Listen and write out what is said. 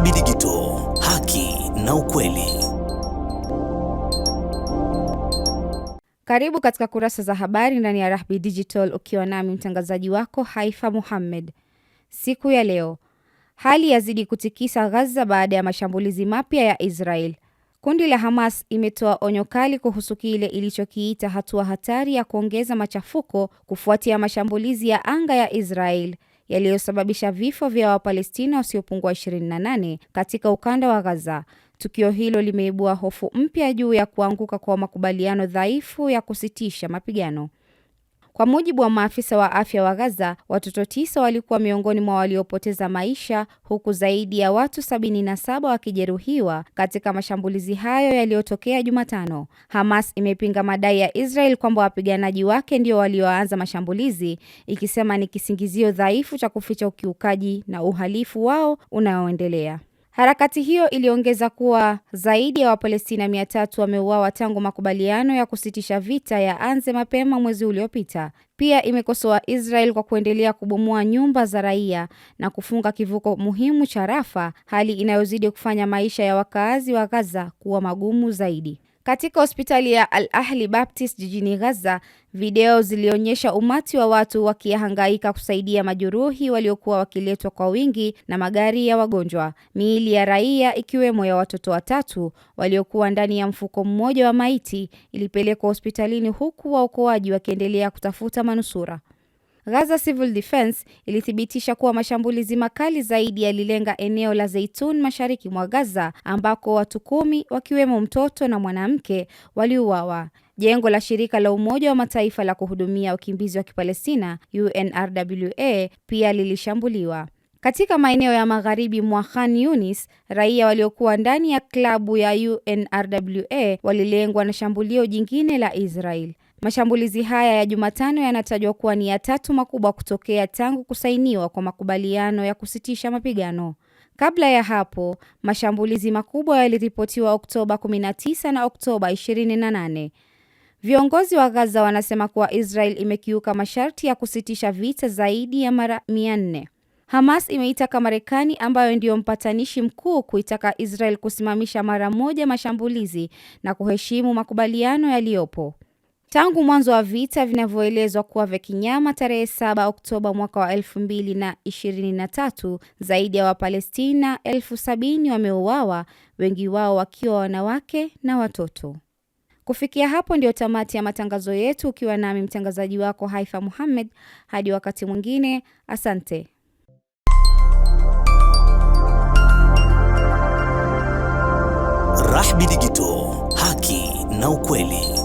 DSB Digital, haki na ukweli. Karibu katika kurasa za habari ndani ya rahbi Digital, ukiwa nami mtangazaji wako Haifa Muhammad. Siku ya leo hali yazidi kutikisa Gaza baada ya mashambulizi mapya ya Israel. Kundi la Hamas imetoa onyo kali kuhusu kile ilichokiita hatua hatari ya kuongeza machafuko kufuatia mashambulizi ya anga ya Israel yaliyosababisha vifo vya Wapalestina wasiopungua 28 katika ukanda wa Gaza. Tukio hilo limeibua hofu mpya juu ya kuanguka kwa makubaliano dhaifu ya kusitisha mapigano. Kwa mujibu wa maafisa wa afya wa Gaza, watoto tisa walikuwa miongoni mwa waliopoteza maisha huku zaidi ya watu sabini na saba wakijeruhiwa katika mashambulizi hayo yaliyotokea Jumatano. Hamas imepinga madai ya Israel kwamba wapiganaji wake ndio walioanza mashambulizi, ikisema ni kisingizio dhaifu cha kuficha ukiukaji na uhalifu wao unaoendelea. Harakati hiyo iliongeza kuwa zaidi ya Wapalestina mia tatu wameuawa tangu makubaliano ya kusitisha vita ya anze mapema mwezi uliopita. Pia imekosoa Israel kwa kuendelea kubomoa nyumba za raia na kufunga kivuko muhimu cha Rafa, hali inayozidi kufanya maisha ya wakaazi wa Gaza kuwa magumu zaidi. Katika hospitali ya Al Ahli Baptist jijini Gaza, video zilionyesha umati wa watu wakihangaika kusaidia majeruhi waliokuwa wakiletwa kwa wingi na magari ya wagonjwa. Miili ya raia ikiwemo ya watoto watatu waliokuwa ndani ya mfuko mmoja wa maiti ilipelekwa hospitalini huku waokoaji wakiendelea kutafuta manusura. Gaza Civil Defense ilithibitisha kuwa mashambulizi makali zaidi yalilenga eneo la Zeitun mashariki mwa Gaza ambako watu kumi wakiwemo mtoto na mwanamke waliuawa. Jengo la shirika la Umoja wa Mataifa la kuhudumia wakimbizi wa Kipalestina UNRWA pia lilishambuliwa. Katika maeneo ya magharibi mwa Khan Yunis, raia waliokuwa ndani ya klabu ya UNRWA walilengwa na shambulio jingine la Israel. Mashambulizi haya ya Jumatano yanatajwa kuwa ni ya tatu makubwa kutokea tangu kusainiwa kwa makubaliano ya kusitisha mapigano. Kabla ya hapo, mashambulizi makubwa yaliripotiwa Oktoba 19 na Oktoba 28. Viongozi wa Gaza wanasema kuwa Israel imekiuka masharti ya kusitisha vita zaidi ya mara 400. Hamas imeitaka Marekani ambayo ndiyo mpatanishi mkuu kuitaka Israel kusimamisha mara moja mashambulizi na kuheshimu makubaliano yaliyopo. Tangu mwanzo wa vita vinavyoelezwa kuwa vya kinyama tarehe 7 Oktoba mwaka wa 2023, zaidi ya Wapalestina elfu sabini wameuawa, wengi wao wakiwa wanawake na watoto. Kufikia hapo ndio tamati ya matangazo yetu, ukiwa nami mtangazaji wako Haifa Muhammad. Hadi wakati mwingine, asante. Rahby Digital, haki na ukweli.